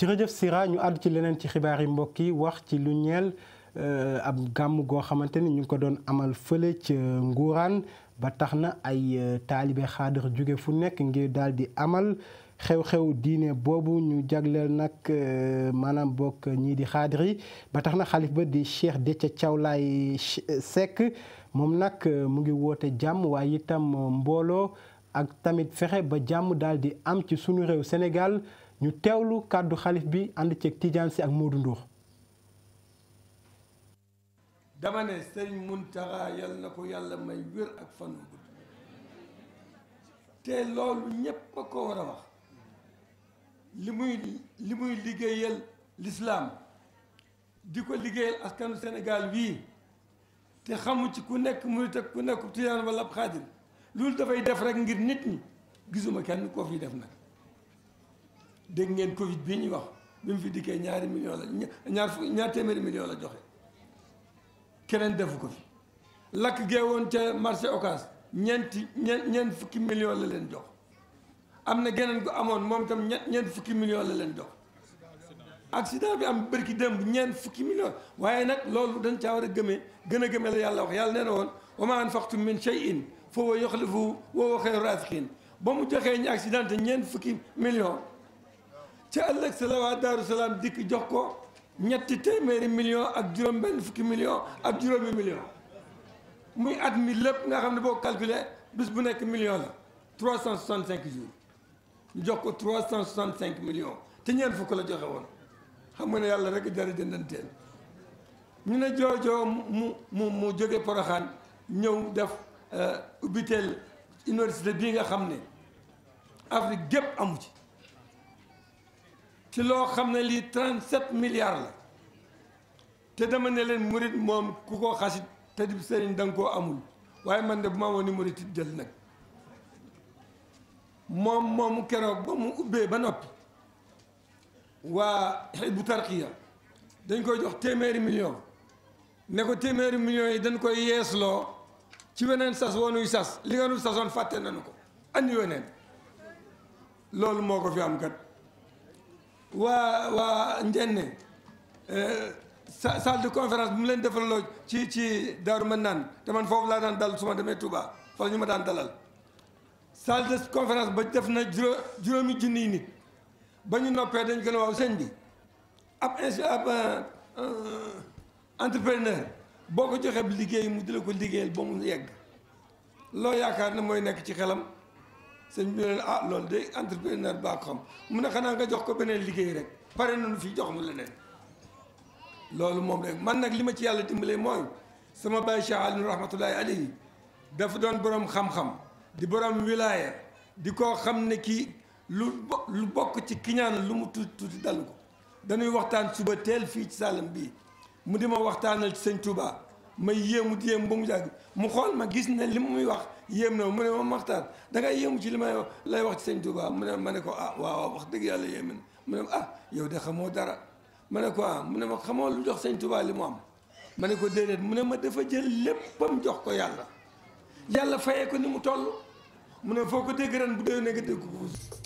jërëjëf Sira ñu àddu ci leneen ci xibaar yi mbokk yi wax ci lu ñeel euh, ab gàmm goo xamante ni ñu ngi ko doon amal fële ca Ngourane ba tax na ay euh, taalibe xaadar jóge fu nekk ngir daal di amal xew-xew diine boobu ñu jagleel nag euh, maanaam bokk ñii di xaadir yi ba tax na xalif ba di Cheikh Déthié cawlaay Laye Seck moom nag mu ngi woote jàmm waaye itam mbooloo ak tamit fexe ba jàmm daal di am ci sunu réew Sénégal ñu teewlu kàddu xalif bi ànd ceeg Tidiane si ak Modou Ndour. dama ne sëriñ Muntaxa yal na ko yàlla may wér ak fan wu gudd te loolu ñépp a ko war a wax li muy li muy liggéeyal lislaam di ko liggéeyal askanu Sénégal wii te xamu ci ku nekk murit ak ku nekk Tijaan wala ab xaadir loolu dafay def rek ngir nit ñi gisuma kenn koo fi def na dégg ngeen Covid bii ñuy wax bi mu fi dikkee ñaari million la ñaar ñaar téeméeri million la joxe keneen defu ko fi lakk gee woon ca marché Ocass ñeenti ñeent ñeent fukki million la leen jox am na geneen ko amoon moom itam ñeent fukki million la leen jox accident bi am bërki démb ñeent fukki million waaye nag loolu dañ caa war a gëmee gën a gëmee la yàlla wax yàlla nee woon wa maa anfaqtum min shay'in fa huwa yukhlifuhu wa huwa khayru raaziqiin ba mu joxee ñu accidenté ñeent fukki million ca ëllëg sa la waa Daaru Salaam dikk jox ko ñetti téeméeri million ak juróom benn fukki million ak juróomi million muy at mi lépp nga xam ne boo calculer bis bu nekk million la trois cent soixante cinq jours ñu jox ko trois cent soixante cinq million te ñeent fukk la joxe woon xam nga ne yàlla rek jara jëndanteel ñu ne joojoo mu mu mu jóge Poroxaan ñëw def euh, ubbiteel université bii nga xam ne Afrique gépp amu ci ci loo xam ne lii 37 milliards la te dama ne leen murit moom ku ko xasit te dib sëriñ da nga amul waaye man de bu ma woon ni murit it jël nag moom moomu keroog ba mu ubbee ba noppi waa bu tarqiya dañ koy jox téeméeri million ne ko téeméeri million yi dañ koy yeesloo ci weneen sas woonuy sas li nga nu sasoon fàtte nañu ko andi weneen loolu moo ko fi am kat waa waa eh, sa salle de conférence bu mu leen defaloo ci ci Daaru naan te man foofu laa daan dal suma demee Touba fa ñu ma daan dalal salle de conférence ba def na juróom juróomi junniy nit ba ñu noppee dañ ko ne waaw sëñ bi ab ab euh, euh, entrepreneur boo ko joxee liggéey mu di ko liggéeyal ba mu yegg loo yaakaar ne mooy nekk ci xelam sëñ bi leen ah loolu de entrepreneur baa xam mu ne xanaa nga jox ko beneen liggéey rek pare nañu fii jox mu leneen loolu moom rek man nag li ma ci yàlla dimbalee mooy sama baay Cheikh Alioune rahmatullahi alayhi dafa doon borom xam-xam di borom wilaaya di koo xam ne kii lu lu bokk ci kiñaan lu mu tuuti tuuti dalu ko dañuy waxtaan suba teel fii ci saalam bii mu di ma waxtaanal ci sëñ Touba. may yéemu di yéemu ba mu jàgg mu xool ma gis ne li muy wax yéem na mu ne ma Maxtaar da ngay yéemu ci li may wax lay wax ci sëñ Touba mu ne ma ne ko ah waaw wax dëgg yàlla yéem mu ne ma ah yow de xamoo dara ma ne ko ah mu ne ma xamoo lu jox sëñ Touba li mu am ma ne ko déedéet mu ne ma dafa jël léppam jox ko yàlla yàlla fayee ko ni mu toll mu ne foo ko dégg ren bu dee ne nga dégg ko